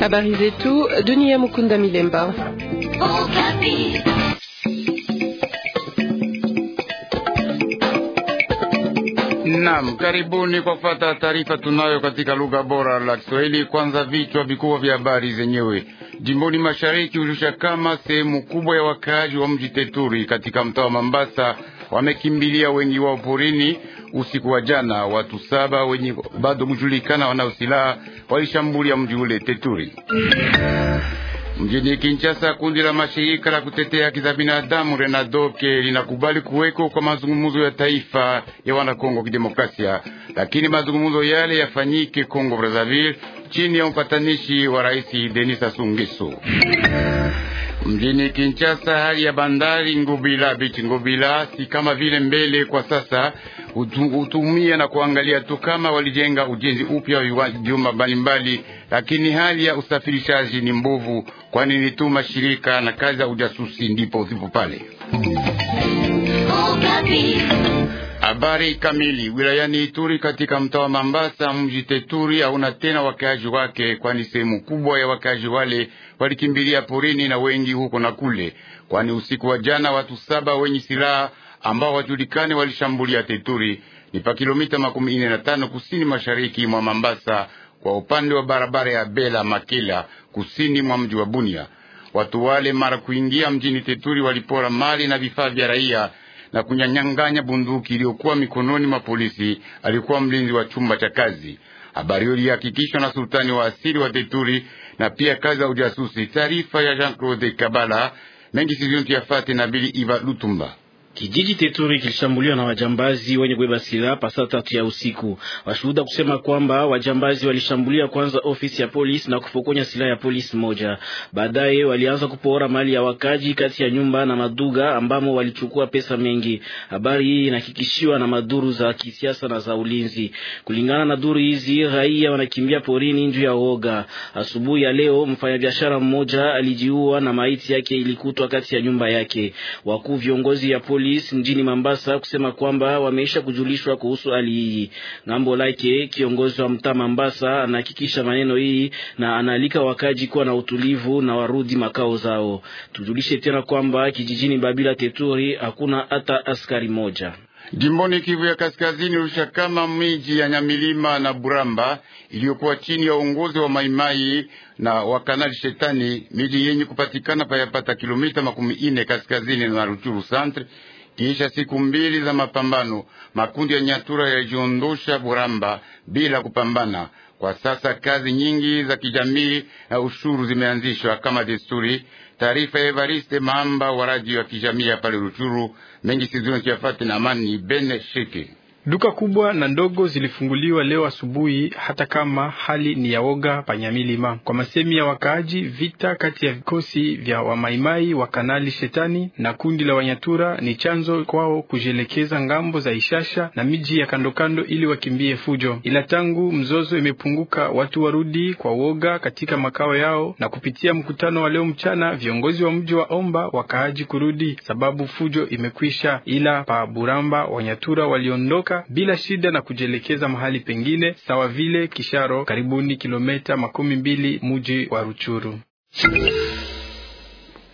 Habari zetu dunia. Mukunda Milemba. Okapi. Naam, karibuni kwa kufata taarifa tunayo katika lugha bora la Kiswahili. Kwanza vichwa vikubwa vya habari zenyewe. Jimboni mashariki hushusha kama sehemu kubwa ya wakaaji wa mji Teturi katika mtaa wa Mambasa wamekimbilia wengi wao porini. Usiku wa jana, watu saba wenye bado kujulikana wanao silaha walishambulia mji ule Teturi. Mjini Kinshasa, kundi la mashirika la kutetea haki za binadamu Renadoke linakubali kuweko kwa mazungumzo ya taifa ya wanakongo Kidemokrasia, lakini mazungumzo yale yafanyike Kongo Brazzaville chini ya upatanishi wa Rais Denis Sassou Nguesso. Mjini Kinshasa hali ya bandari Ngubila bichi Ngubila si kama vile mbele kwa sasa, hutumia na kuangalia tu kama walijenga ujenzi upya wa jumba mbalimbali, lakini hali ya usafirishaji ni mbovu, kwani tu mashirika na kazi za ujasusi ndipo zipo pale. Oh, Habari kamili wilayani Ituri katika mtaa wa Mambasa, mji Teturi hauna tena wakaaji wake, kwani sehemu kubwa ya wakaaji wale walikimbilia porini na wengi huko na kule, kwani usiku wa jana watu saba wenye silaha ambao wajulikane walishambulia Teturi, ni pa kilomita makumi nne na tano kusini mashariki mwa Mambasa, kwa upande wa barabara ya Bela Makela, kusini mwa mji wa Bunia. Watu wale mara kuingia mjini Teturi walipora mali na vifaa vya raia na kunyanyanganya bunduki iliyokuwa mikononi mwa polisi. Alikuwa mlinzi wa chumba cha kazi. Habari hiyo ilihakikishwa na sultani wa asili wa Teturi na pia kazi ya ujasusi. Taarifa ya Jean Claude Kabala mengi sizuntu yafate na Bili Iva Lutumba. Kijiji Teturi kilishambuliwa na wajambazi wenye kubeba silaha pasaa tatu ya usiku. Washuhuda kusema kwamba wajambazi walishambulia kwanza ofisi ya polisi na kupokonya silaha ya polisi moja. Baadaye walianza kupoora mali ya wakaji kati ya nyumba na maduga ambamo walichukua pesa mengi. Habari hii inahakikishiwa na maduru za kisiasa na za ulinzi. Kulingana na duru hizi, raia wanakimbia porini njuu ya uoga. Asubuhi ya leo mfanyabiashara mmoja alijiua na maiti yake ilikutwa kati ya nyumba yake. Wakuu viongozi ya polisi polisi mjini Mambasa kusema kwamba wameisha kujulishwa kuhusu hali hii. Ngambo lake kiongozi wa mtaa Mambasa anahakikisha maneno hii na anaalika wakaji kuwa na utulivu na warudi makao zao. Tujulishe tena kwamba kijijini Babila Teturi hakuna hata askari moja. Jimboni Kivu ya Kaskazini, kama miji ya Nyamilima na Buramba iliyokuwa chini ya uongozi wa Maimai na wa Kanali Shetani, miji yenye kupatikana payapata kilomita makumi ine kaskazini na Ruchuru Centre. Kisha siku mbili za mapambano, makundi ya Nyatura yalijiondosha Buramba bila kupambana. Kwa sasa kazi nyingi za kijamii na ushuru zimeanzishwa kama desturi. Taarifa ya Evariste mamba wa radio ya kijamii ya pale Ruchuru mengi sizuni kiafati na amani ni bene shiki Duka kubwa na ndogo zilifunguliwa leo asubuhi, hata kama hali ni ya woga panyamilima. Kwa masemi ya wakaaji, vita kati ya vikosi vya wamaimai wa kanali shetani na kundi la wanyatura ni chanzo kwao kujielekeza ngambo za Ishasha na miji ya kandokando ili wakimbie fujo, ila tangu mzozo imepunguka, watu warudi kwa woga katika makao yao. Na kupitia mkutano wa leo mchana, viongozi wa mji wa omba wakaaji kurudi sababu fujo imekwisha, ila pa Buramba wanyatura waliondoka haraka bila shida na kujielekeza mahali pengine sawa vile Kisharo, karibuni kilomita makumi mbili muji wa Ruchuru.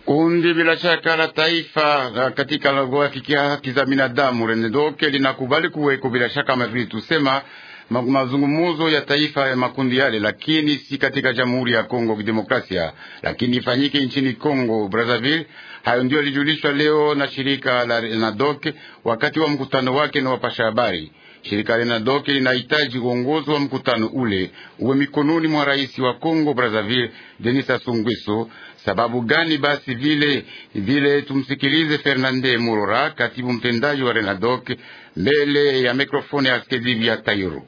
Kundi bila shaka la taifa katika lagoafikia haki za binadamu Renedoke linakubali kuweko bila shaka, kama tusema mazungumuzo ya taifa ya makundi yale, lakini si katika Jamhuri ya Kongo Kidemokrasia, lakini ifanyike nchini Kongo Brazzaville. Hayo ndio yalijulishwa leo na shirika la Renadoc wakati wa mkutano wake na wapasha habari. Shirika la Renadoc linahitaji uongozi wa mkutano ule uwe mikononi mwa rais wa Kongo Brazzaville Denis Sassou Nguesso. Sababu gani basi vile vile? Tumsikilize Fernande Murora, katibu mtendaji wa Renadoc mbele ya mikrofoni ya Askedivi ya Tairo.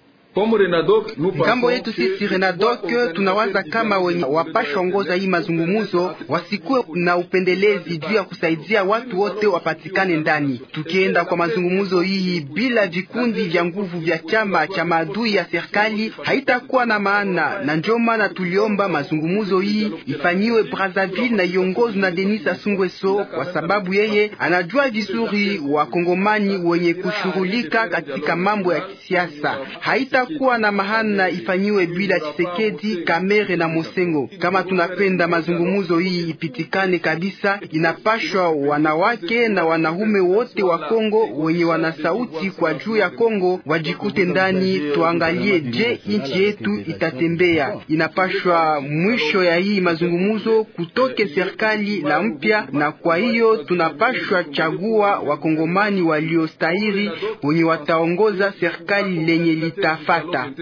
Ngambo yetu sisi Renadok tunawaza kama wenye wapashongoza hii mazungumuzo wasikuwe na upendelezi juu ya kusaidia watu wote wapatikane ndani. Tukienda kwa mazungumuzo hii bila vikundi vya nguvu vya chama cha maadui ya serikali haitakuwa na maana, na ndio maana tuliomba mazungumuzo hii ifanyiwe Brazzaville na iongozwe na Denis Sassou Nguesso, kwa sababu yeye anajua vizuri wakongomani wenye kushughulika katika mambo ya kisiasa haita kuwa na mahana ifanyiwe bila Chisekedi, Kamere na Mosengo. Kama tunapenda mazungumuzo hii ipitikane kabisa, inapashwa wanawake na wanaume wote wa Kongo wenye wana sauti kwa juu ya Kongo wajikute ndani, tuangalie je, nchi yetu itatembea. Inapashwa mwisho ya hii mazungumuzo kutoke serikali la mpya, na kwa hiyo tunapashwa chagua wakongomani waliostahili wenye wataongoza serikali lenye litafa kuzipata.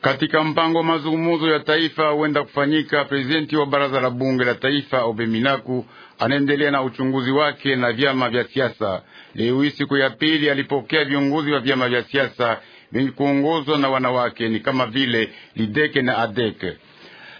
Katika mpango wa mazungumzo ya taifa huenda kufanyika, prezidenti wa baraza la bunge la taifa Obeminaku anaendelea na uchunguzi wake na vyama vya siasa. Leo hii siku ya pili alipokea viongozi wa vyama vya siasa vyenye kuongozwa na wanawake ni kama vile Lideke na Adeke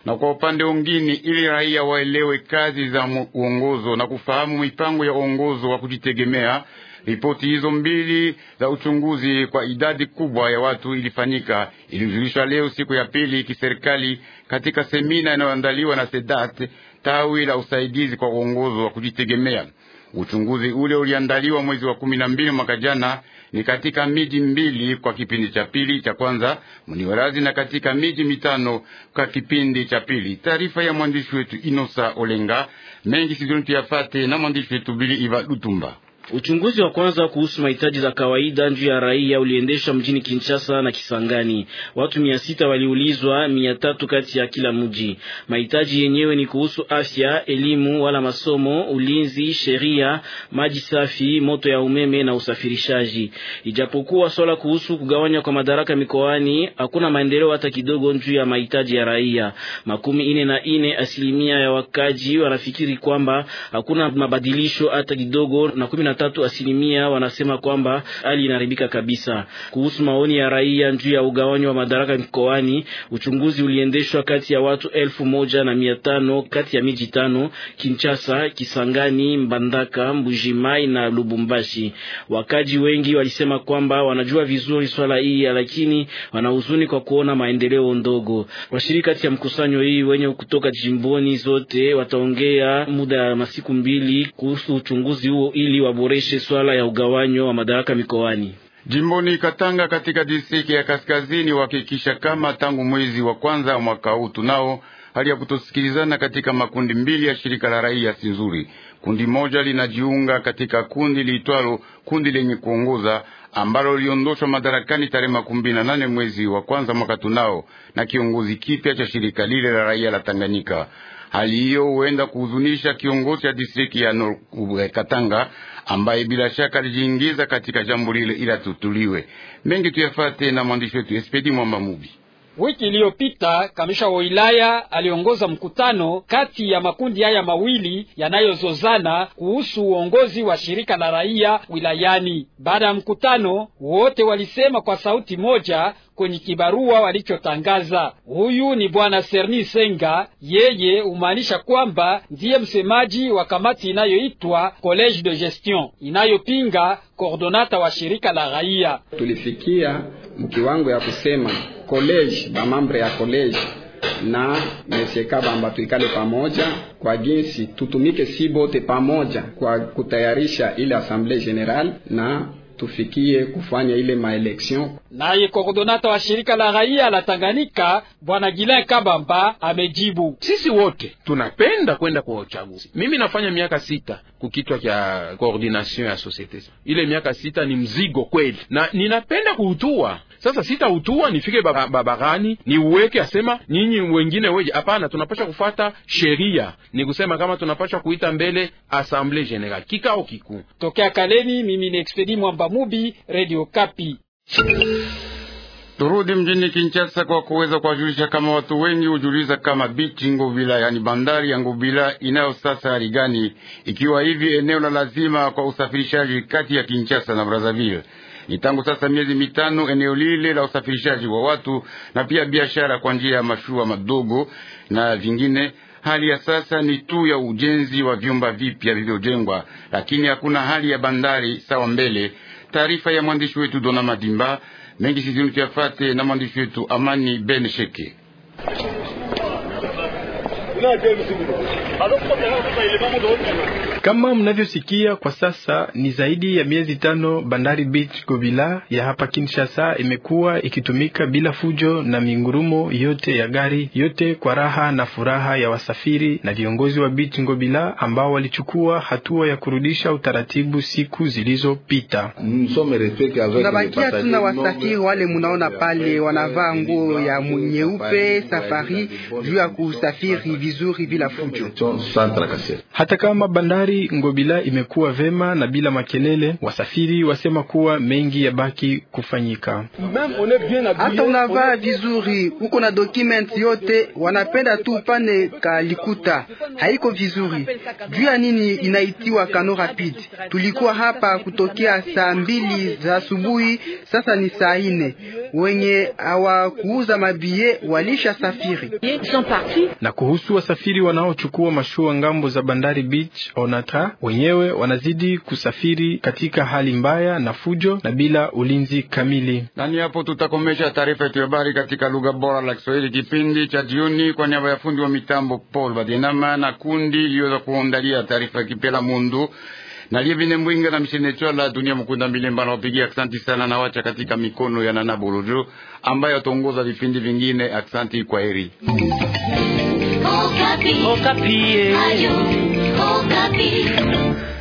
na kwa upande wengine, ili raia waelewe kazi za uongozo na kufahamu mipango ya uongozo wa kujitegemea Ripoti hizo mbili za uchunguzi kwa idadi kubwa ya watu ilifanyika ilizulishwa leo siku ya pili kiserikali katika semina inayoandaliwa na SEDAT tawi la usaidizi kwa uongozo wa kujitegemea. Uchunguzi ule uliandaliwa mwezi wa kumi na mbili mwaka jana, ni katika miji mbili kwa kipindi cha pili cha kwanza Mniwarazi na katika miji mitano kwa kipindi cha pili. Taarifa ya mwandishi wetu Inosa Olenga mengi sidoni tuyafate na mwandishi wetu Bili Iva Lutumba. Uchunguzi wa kwanza kuhusu mahitaji za kawaida njuu ya raia uliendeshwa mjini Kinshasa na Kisangani. Watu mia sita waliulizwa, mia tatu kati ya kila mji. Mahitaji yenyewe ni kuhusu afya, elimu wala masomo, ulinzi, sheria, maji safi, moto ya umeme na usafirishaji. Ijapokuwa swala kuhusu kugawanya kwa madaraka mikoani, hakuna maendeleo hata kidogo njuu ya mahitaji ya raia. Makumi ine na ine asilimia ya wakaji wanafikiri kwamba hakuna mabadilisho hata kidogo na kumi na tatu asilimia wanasema kwamba hali inaharibika kabisa. Kuhusu maoni ya raia juu ya ugawanyo wa madaraka mkoani, uchunguzi uliendeshwa kati ya watu elfu moja na mia tano kati ya miji tano: Kinshasa, Kisangani, Mbandaka, Mbujimai na Lubumbashi. Wakaji wengi walisema kwamba wanajua vizuri swala hii, lakini wanahuzuni kwa kuona maendeleo ndogo. Washirika kati ya mkusanyo hii wenye kutoka jimboni zote wataongea muda ya masiku mbili kuhusu uchunguzi huo ili wabu waboreshe swala ya ugawanyo wa madaraka mikoani. Jimboni Katanga katika distrikti ya Kaskazini wahakikisha kama tangu mwezi wa kwanza wa mwaka huu tunao hali ya kutosikilizana katika makundi mbili ya shirika la raia si nzuri. Kundi moja linajiunga katika kundi liitwalo kundi lenye kuongoza ambalo liondoshwa madarakani tarehe makumi na nane mwezi wa kwanza mwaka tunao na kiongozi kipya cha shirika lile la raia la Tanganyika. Hali hiyo huenda kuhuzunisha kiongozi cha distrikti ya Katanga ambaye bila shaka alijiingiza katika jambo lile ili atutuliwe. Mengi tuyafate na mwandishi wetu Espedi Mwamba Mubi. Wiki iliyopita kamisha wa wilaya aliongoza mkutano kati ya makundi haya mawili yanayozozana kuhusu uongozi wa shirika la raia wilayani. Baada ya mkutano, wote walisema kwa sauti moja kwenye kibarua walichotangaza. Huyu ni bwana Serni Senga, yeye humaanisha kwamba ndiye msemaji wa kamati inayoitwa College de Gestion inayopinga koordonata wa shirika la raia. Tulifikia mkiwango ya kusema college bamambre ya college na Monsieur Kabamba tuikale pamoja kwa jinsi tutumike si bote pamoja kwa kutayarisha ile assemblée générale na tufikie kufanya ile maeleksio. Naye koordonata wa shirika la raia la Tanganyika bwana Gilan Kabamba amejibu: sisi wote tunapenda kwenda kwa uchaguzi. Mimi nafanya miaka sita kukitwa cha koordination ya societe, ile miaka sita ni mzigo kweli, na ninapenda kuhutua sasa sitautua nifike babarani uweke asema nyinyi wengine weje? Hapana, tunapasha kufata sheria, ni kusema kama tunapasha kuita mbele Assemblée Générale kikao kikuu. Tokea Kalemi, mimi ni Expedi Mwamba Mubi, Radio Kapi. Turudi mjini Kinshasa kwa kuweza kuwajulisha kama watu wengi hujuliza kama bichi Ngubila, yani bandari ya Ngubila inayo sasa hali gani, ikiwa hivi eneo la lazima kwa usafirishaji kati ya Kinshasa na Brazzaville. Ni tangu sasa miezi mitano eneo lile la usafirishaji wa watu na pia biashara kwa njia ya mashua madogo na vingine hali ya sasa ni tu ya ujenzi wa vyumba vipya vilivyojengwa, lakini hakuna hali ya bandari sawa mbele. Taarifa ya mwandishi wetu Dona Madimba mengi sizinu tuyafate na mwandishi wetu Amani Ben Sheke. Kama mnavyosikia kwa sasa, ni zaidi ya miezi tano bandari beach Gobila ya hapa Kinshasa imekuwa ikitumika bila fujo na mingurumo yote ya gari yote, kwa raha na furaha ya wasafiri na viongozi wa beach Gobila ambao walichukua hatua ya kurudisha utaratibu siku zilizopita. Tunabakia tuna wasafiri wale munaona pale wanavaa nguo ya nyeupe safari juu ya kusafiri vizuri bila fujo, hata kama bandari Ngobila imekuwa vema na bila makelele. Wasafiri wasema kuwa mengi yabaki kufanyika. Hata unavaa vizuri, uko na document yote, wanapenda tu upane kalikuta, haiko vizuri. Juu ya nini inaitiwa kano rapid? Tulikuwa hapa kutokea saa mbili za asubuhi, sasa ni saa ine wenye hawakuuza mabie walisha safiri. Na kuhusu wasafiri wanaochukua mashua ngambo za bandari beach Onatra, wenyewe wanazidi kusafiri katika hali mbaya na fujo na bila ulinzi kamili. Nani hapo, tutakomesha taarifa yetu ya habari katika lugha bora la Kiswahili kipindi cha jioni, kwa niaba ya fundi wa mitambo Paul Badinama na kundi iliyoweza kuandalia taarifa kipela mundu na Lievine Mbwinga na Mishene la Dunia Mukunda Milemba na wapigia aksanti sana na wacha katika mikono ya Nana Bolojo ambaye atongoza vipindi vingine. Aksanti, kwa heri. Okapi. Okapi. Eh. Ayu, Okapi.